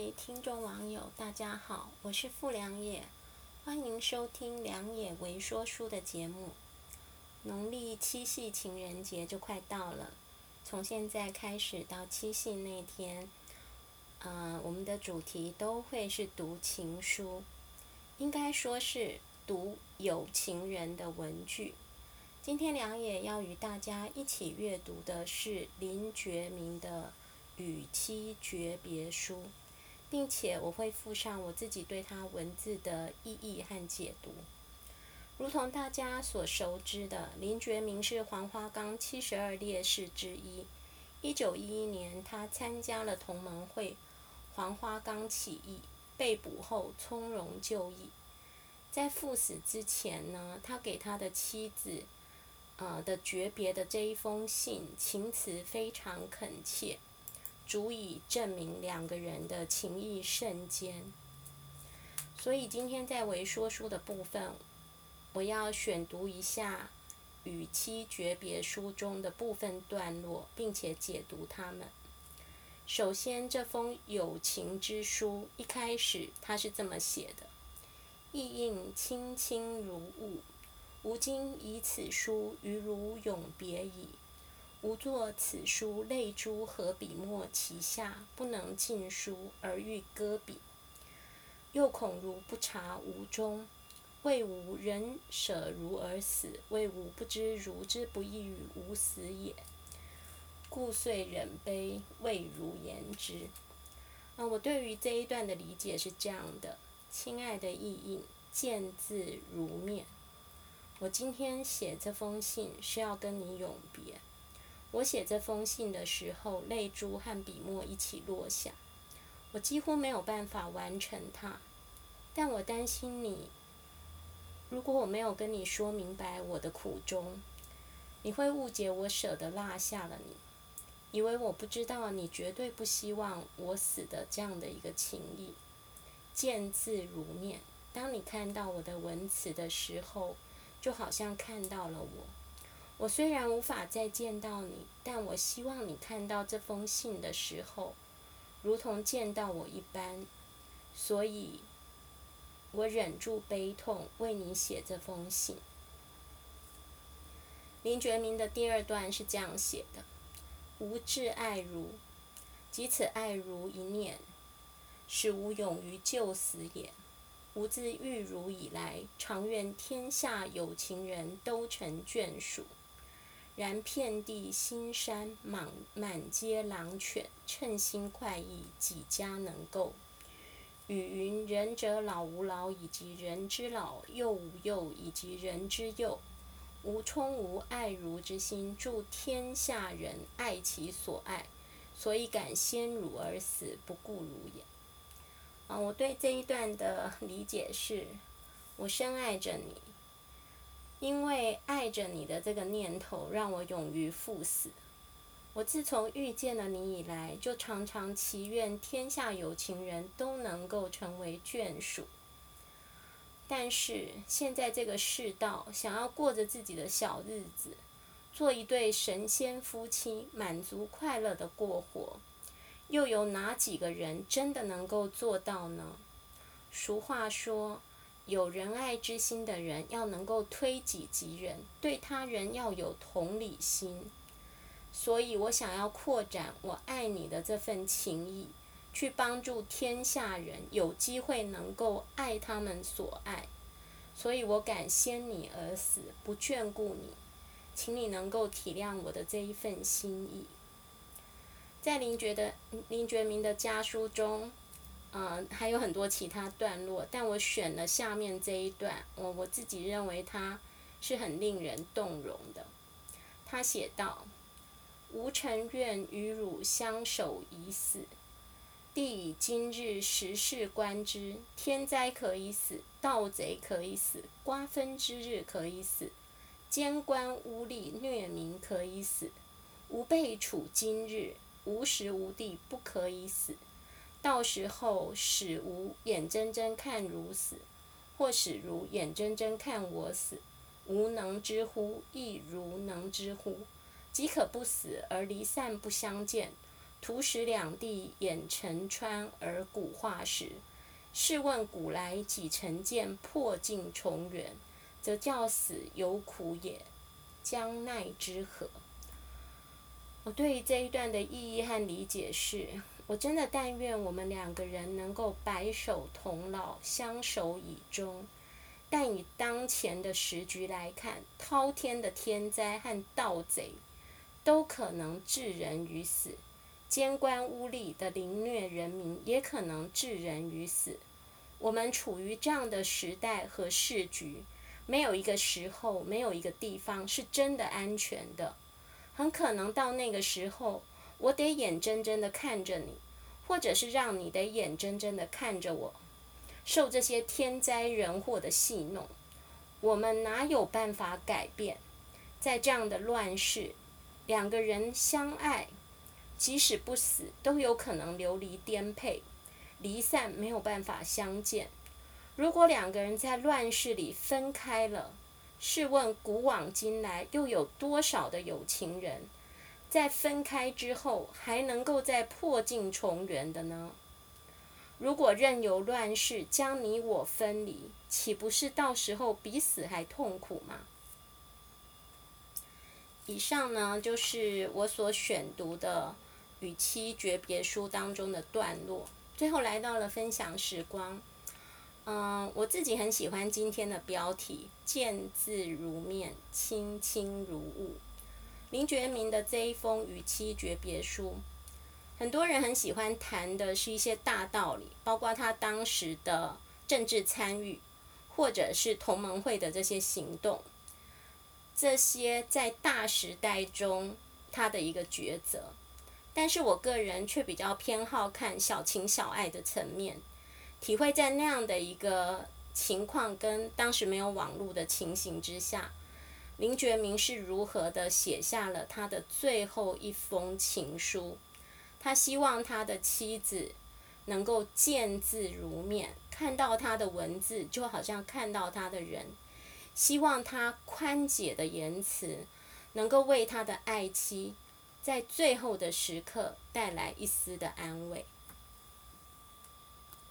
各位聽眾網友，大家好，我是傅良也，歡迎收聽良也微說書的節目。農曆七夕情人節就快到了，從現在開始到七夕那天，呃，我們的主題都會是讀情書，應該說是讀有情人的文句。今天良也要與大家一起閱讀的是林覺明的《與妻訣別書》。並且我會附上我自己對他文字的意譯和解讀。如同大家所熟知的，林覺明是黃花崗七十二烈士之一。一九一一年，他參加了同盟會，黃花崗起義被捕後從容就義。在赴死之前呢，他給他的妻子，呃的訣別的這一封信，情詞非常懇切。足以證明兩個人的情誼甚堅。所以今天在微說書的部分，我要選讀一下《與妻訣別書》中的部分段落，並且解讀它們。首先，這封有情之書一開始，他是這麼寫的：“意映卿卿如晤，吾今以此書與汝永別矣。”吾作此書，淚珠和筆墨齊下，不能竟書，而欲擱筆。又恐汝不察吾衷，謂吾忍舍汝而死，謂吾不知汝之不欲吾死也，故遂忍悲，為汝言之。啊，我對於這一段的理解是這樣的：親愛的意映，見字如面。我今天寫這封信，是要跟你永別。我寫這封信的時候，淚珠和筆墨一起落下。我幾乎沒有辦法完成它，但我擔心你。如果我沒有跟你說明白我的苦衷，你會誤解我舍得落下了你，以為我不知道你絕對不希望我死的這樣的一個情誼。見字如面，當你看到我的文詞的時候，就好像看到了我。我雖然無法再見到你，但我希望你看到這封信的時候，如同見到我一般。所以，我忍住悲痛為你寫這封信。林覺民的第二段是這樣寫的：“吾至愛汝，即此愛汝一念，使吾勇於就死也。吾自遇汝以來，常願天下有情人都成眷屬。”然遍地腥羶，滿滿街狼犬，稱心快意，幾家能夠？語云，仁者老吾老，以及人之老；幼吾幼，以及人之幼。吾充吾愛汝之心，助天下人愛其所愛，所以敢先汝而死，不顧汝也。啊，我對這一段的理解是：我深愛着你。因為愛着你的這個念頭，讓我勇於赴死。我自從遇見了你以來，就常常祈願天下有情人都能夠成為眷屬。但是現在這個世道，想要過着自己的小日子，做一對神仙夫妻，滿足快樂的過活，又有哪幾個人真的能夠做到呢？俗話說，有仁愛之心的人，要能夠推己及人，對他人要有同理心。所以我想要擴展我愛你的這份情誼，去幫助天下人有機會能夠愛他們所愛。所以我敢先你而死，不眷顧你，請你能夠體諒我的這一份心意。在林覺的林覺明的家書中，嗯、呃，還有很多其他段落，但我選了下面這一段，我我自己認為它是很令人動容的。他寫道：“吾誠願與汝相守以死。第以今日時勢觀之，天災可以死，盜賊可以死，瓜分之日可以死，奸官污吏虐民可以死。吾輩處今日，無時無地不可以死。”到時候使吾眼睜睜看汝死，或使汝眼睜睜看我死，吾能之乎？抑汝能之乎？即可不死而離散不相見，徒使兩地眼成穿而骨化石。試問古來幾曾見破鏡重圓，則較死尤苦也，將奈之何？我對於這一段的意義和理解是。我真的但願我們兩個人能夠白首同老，相守以終。但以當前的時局來看，滔天的天災和盜賊都可能致人於死，奸官污吏的凌虐人民，也可能致人於死。我們處於這樣的時代和世局，沒有一個時候，沒有一個地方是真的安全的。很可能到那個時候。我得眼睜睜地看着你，或者是讓你得眼睜睜地看着我，受這些天災人禍的戲弄。我們哪有辦法改變？在這樣的亂世，兩個人相愛，即使不死，都有可能流離顛沛，離散沒有辦法相見。如果兩個人在亂世裡分開了，試問古往今來又有多少的有情人？在分開之後，還能夠再破鏡重圓的呢？如果任由亂世將你我分離，豈不是到時候比死還痛苦嗎？以上呢，就是我所選讀的《與妻訣別書》當中的段落。最後來到了分享時光。嗯，我自己很喜歡今天的標題：見字如面，卿卿如晤。林覺明的這一封與妻訣別書，很多人很喜歡談的是一些大道理，包括他當時的政治參與，或者是同盟會的這些行動，這些在大時代中他的一個抉擇。但是我個人卻比較偏好看小情小愛的層面，體會在那樣的一個情況跟當時沒有網絡的情形之下。林覺明是如何的寫下了他的最後一封情書？他希望他的妻子能夠見字如面，看到他的文字就好像看到他的人。希望他寬解的言辭能夠為他的愛妻在最後的時刻帶來一絲的安慰。